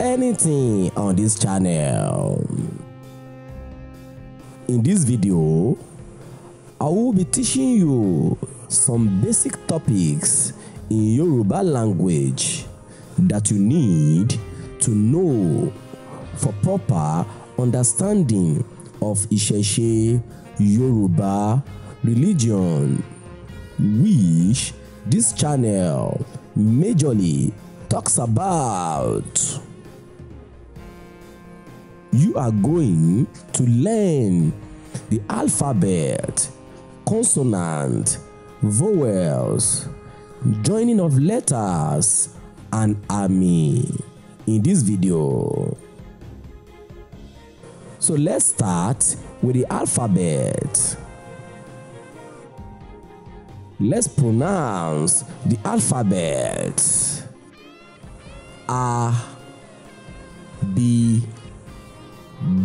anything on this channel. In this video, I will be teaching you some basic topics in Yoruba language that you need to know for proper understanding of Ìṣẹ̀ṣe Yoruba religion which this channel majorly talks about. you are going to learn the alphabet, consonant, vowels, joining of letters, and army in this video. So let's start with the alphabet. Let's pronounce the alphabet. A, B,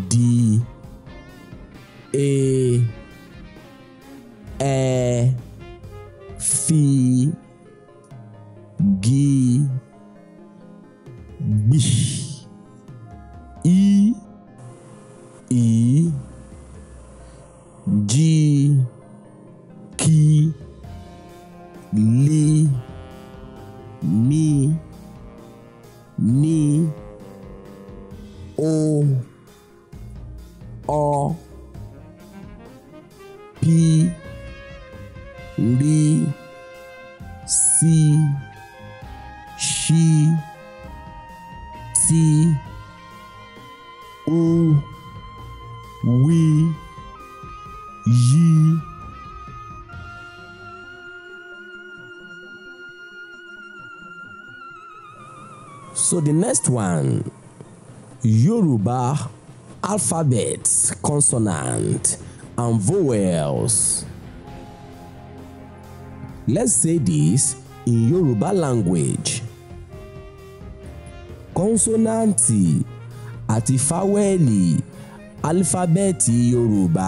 D A P rí C, ṣí T, O, W, yí. So the next one Yoruba alphabet consonant and vowels. Let's say this in Yoruba language. Kọ́nsọ́náǹtì àti fáwẹ́ẹ̀lì alífábẹ́ẹ̀tì Yorùbá.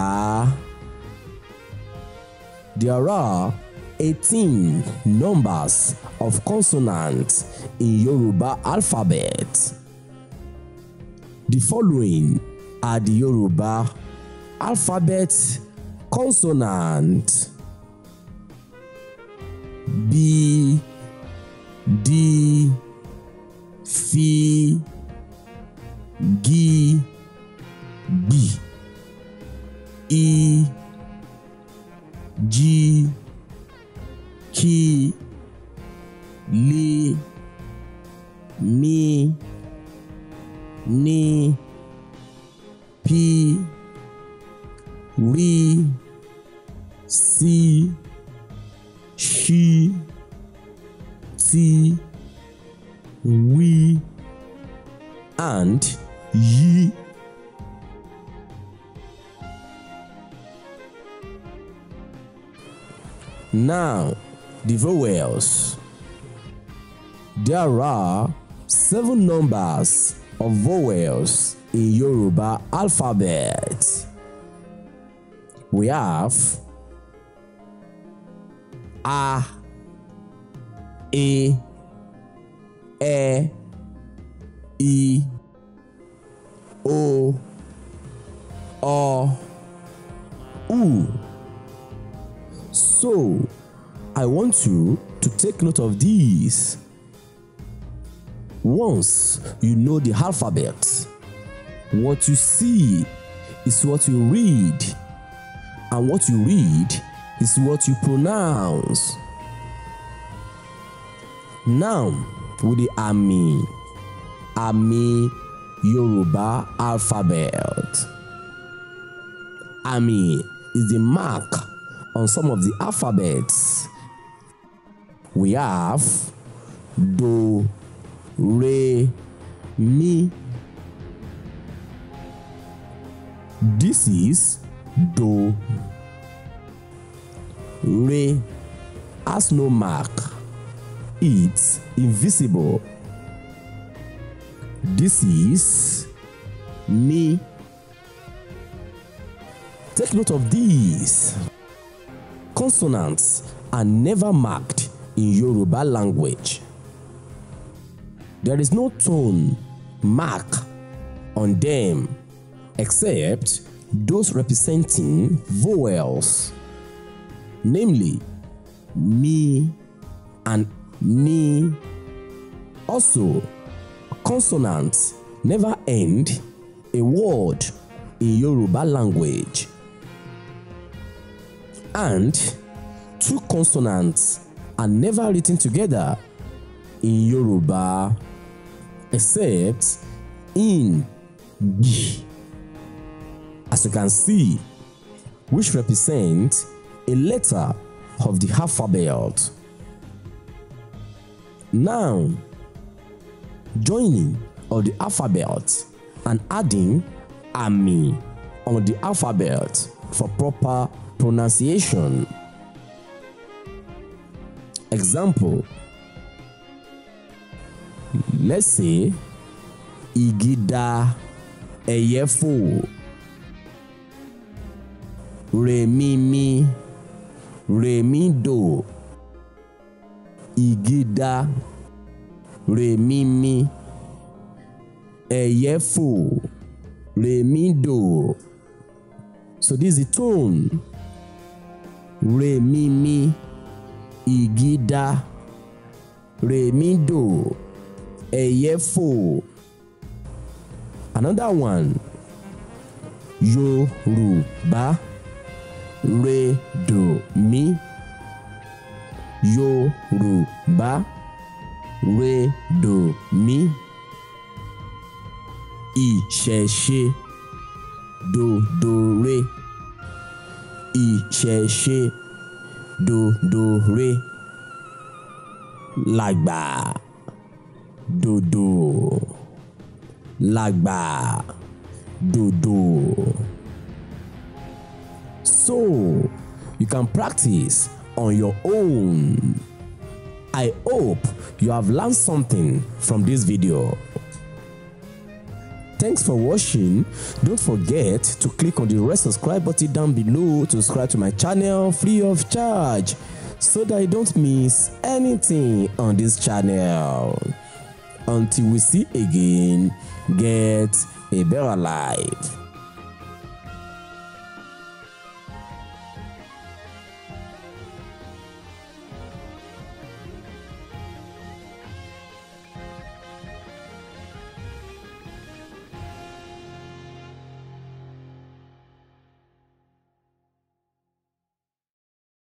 There are eighteen numbers of consonants in Yoruba alphabet. The following are the Yoruba alphabet consonant B D fi gi e, gbi i ji ki li mi ni pi rí sí ṣí tí wí and yí. Now, the vowels. There are seven numbers of vowels in Yoruba alphabet. we have a e e i o o u so i want you to take note of these once you know the alphabet what you see is what you read and what you read is what you pronounce. Now, with the Ami, Ami Yoruba alphabet. Ami is the mark on some of the alphabets. We have Do, Re, Mi. This is do, re has no mark. It's invisible. This is me. Take note of these. Consonants are never marked in Yoruba language. There is no tone, mark on them, except those representing vowels, namely me and me, Also, consonants never end a word in Yoruba language. And two consonants are never written together in Yoruba except in G. you can see, which represent a letter of the alphabet. Now, joining of the alphabet and adding ami on the alphabet for proper pronunciation. Example Let's say Igida Eyefo rèmímí rèmídò ìgídá rèmímí ẹ̀yẹ́fò rèmídò so this is the tone rèmímí ìgídá rèmídò ẹ̀yẹ́fò another one yorùbá. Rẹ́dùnmí Yorùbá Rẹ́dùnmí Ìṣẹ̀ṣe Dòdòrè Ìṣẹ̀ṣe Dòdòrè Làgbà dòdò làgbà dòdò. so you can practice on your own. I hope you have learned something from this video. Thanks for watching. Don't forget to click on the red subscribe button down below to subscribe to my channel free of charge so that you don't miss anything on this channel. Until we see again, get a better life.